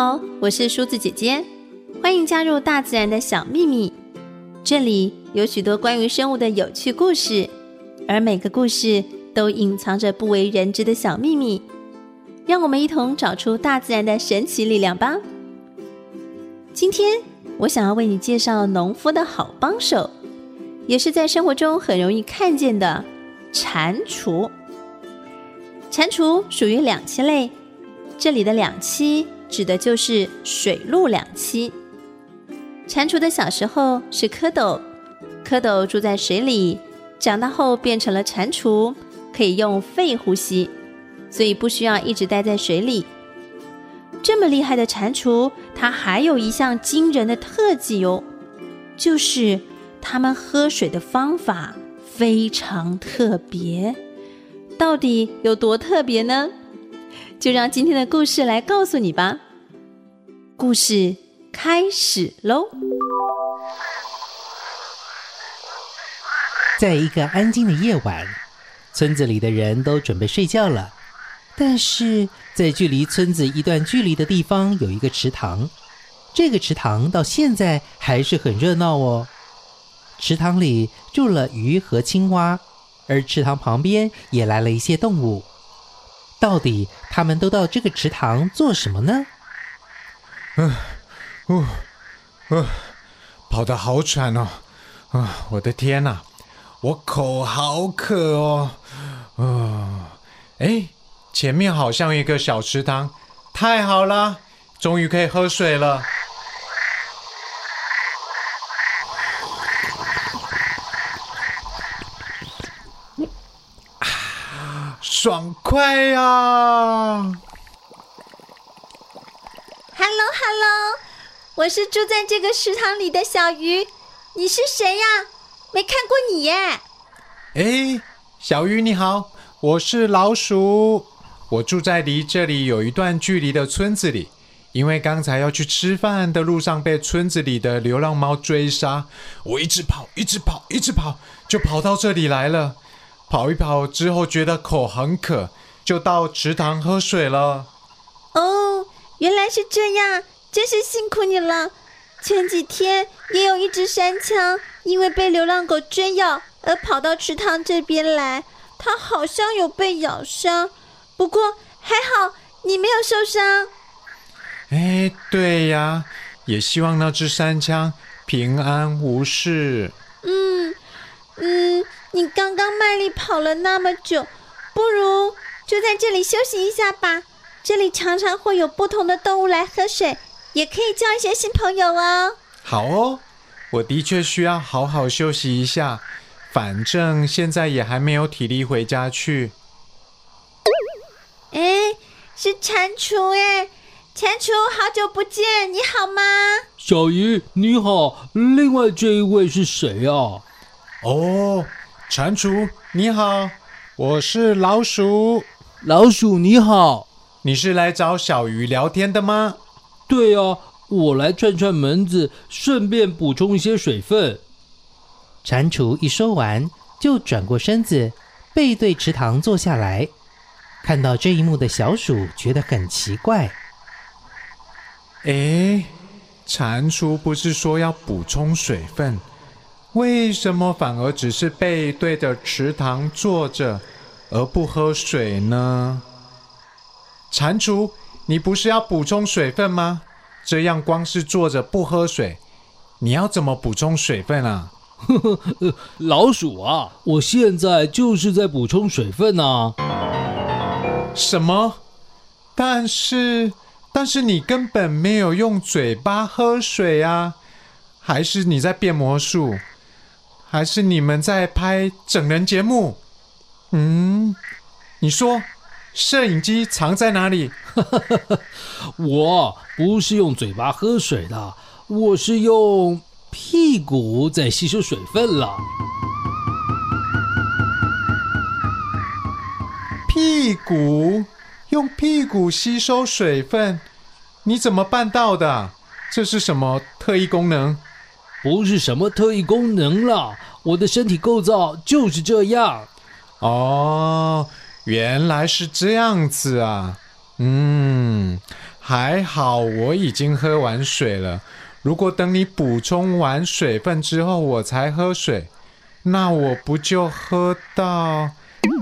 好，我是梳子姐姐，歡迎加入大自然的小秘密。這裡有許多關於生物的有趣故事，而每個故事都隱藏着不為人知的小秘密。讓我們一同找出大自然的神奇力量吧。今天我想要為你介紹農夫的好幫手，也是在生活中很容易看見的蟾蜍。蟾蜍屬於兩棲類，這裡的兩棲。指的就是水陸兩棲。蟾蜍的小時候是蝌蚪，蝌蚪住在水裡，長大後變成了蟾蜍，可以用肺呼吸，所以不需要一直待在水裡。這麼厲害的蟾蜍，它還有一項驚人的特技喲、哦，就是它們喝水的方法非常特別。到底有多特別呢？就讓今天的故事來告訴你吧。故事開始嘍。在一個安靜的夜晚，村子裡的人都準備睡覺了。但是在距離村子一段距離的地方，有一個池塘。這個池塘到現在還是很熱鬧哦。池塘裡住了魚和青蛙，而池塘旁邊也來了一些動物。到底他們都到這個池塘做什麼呢？嗯、呃，嗯、呃，跑得好喘哦，啊、呃，我的天哪、啊，我口好渴哦，啊、呃，哎，前面好像一個小池塘，太好了，終於可以喝水了。爽快呀、啊！Hello，Hello，我是住在這個池塘裡的小魚，你是誰呀、啊？沒看過你耶。哎、欸，小魚你好，我是老鼠，我住在離這裡有一段距離的村子裡，因為剛才要去吃飯的路上被村子裡的流浪貓追殺，我一直跑，一直跑，一直跑，就跑到這裡來了。跑一跑之後，覺得口很渴，就到池塘喝水了。哦，原來是這樣，真是辛苦你了。前幾天也有一隻山羌，因為被流浪狗追咬而跑到池塘這邊來，它好像有被咬傷，不過還好你沒有受傷。哎，對呀，也希望那隻山羌平安無事。嗯，嗯。你剛剛賣力跑了那麼久，不如就在這裡休息一下吧。這裡常常會有不同的動物來喝水，也可以交一些新朋友哦。好哦，我的確需要好好休息一下，反正現在也還沒有體力回家去。哎，是蟾蜍哎，蟾蜍好久不見，你好嗎？小魚你好，另外這一位是誰啊？哦。蟾蜍你好，我是老鼠。老鼠你好，你是來找小魚聊天的嗎？對呀，我來串串門子，順便補充一些水分。蟾蜍一說完，就轉過身子，背對池塘坐下來。看到這一幕的小鼠覺得很奇怪。哎，蟾蜍不是說要補充水分，為什麼反而只是背對着池塘坐着，而不喝水呢？蟾蜍，你不是要補充水分嗎？這樣光是坐着不喝水，你要怎麼補充水分啊？呵呵，老鼠啊，我現在就是在補充水分啊。什麼？但是，但是你根本沒有用嘴巴喝水啊？還是你在變魔術？還是你們在拍整人節目？嗯，你說，攝影機藏在哪裡？ 我不是用嘴巴喝水的，我是用屁股在吸收水分了。屁股，用屁股吸收水分，你怎麼辦到的？這是什麼特異功能？不是什麼特異功能了，我的身體構造就是這樣。哦，原來是這樣子啊。嗯，還好我已經喝完水了。如果等你補充完水分之後我才喝水，那我不就喝到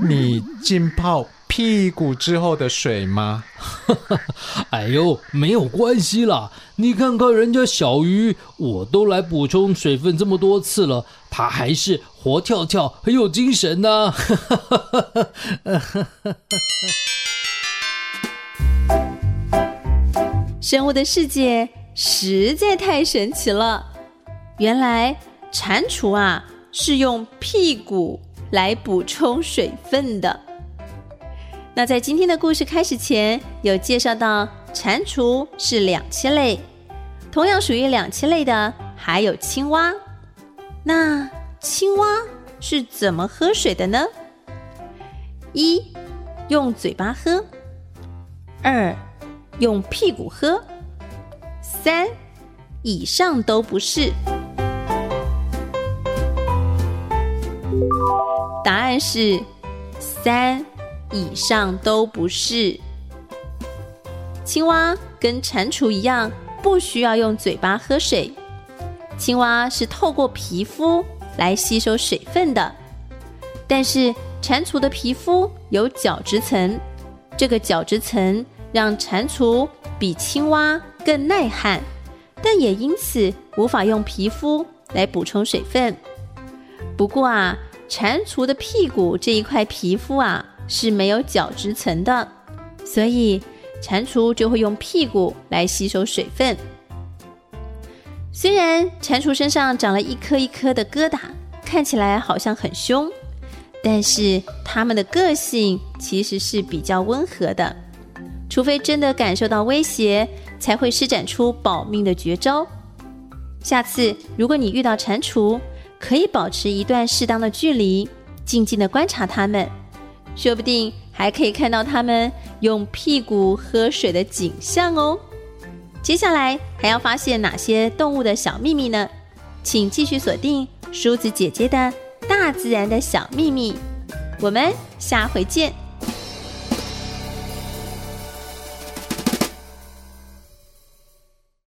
你浸泡？屁股之後的水嗎？ 哎呦，沒有關係啦！你看看人家小魚，我都來補充水分這麼多次了，它還是活跳跳，很有精神呢、啊。 生物的世界實在太神奇了，原來蟾蜍啊是用屁股來補充水分的。那在今天的故事開始前，有介紹到蟾蜍是兩棲類，同樣屬於兩棲類的還有青蛙。那青蛙是怎麼喝水的呢？一、用嘴巴喝，二、用屁股喝，三、以上都不是。答案是三。以上都不是。青蛙跟蟾蜍一樣，不需要用嘴巴喝水，青蛙是透過皮膚來吸收水分的。但是蟾蜍的皮膚有角質層，這個角質層讓蟾蜍比青蛙更耐旱，但也因此無法用皮膚來補充水分。不過啊，蟾蜍的屁股這一塊皮膚啊，是沒有角質層的，所以蟾蜍就會用屁股來吸收水分。雖然蟾蜍身上長了一顆一顆的疙瘩，看起來好像很兇，但是它們的個性其實是比較溫和的，除非真的感受到威脅，才會施展出保命的絕招。下次如果你遇到蟾蜍，可以保持一段適當的距離，靜靜的觀察它們。說不定還可以看到它們用屁股喝水的景象哦。接下來還要發現哪些動物的小秘密呢？請繼續鎖定梳子姐姐的《大自然的小秘密》，我們下回見。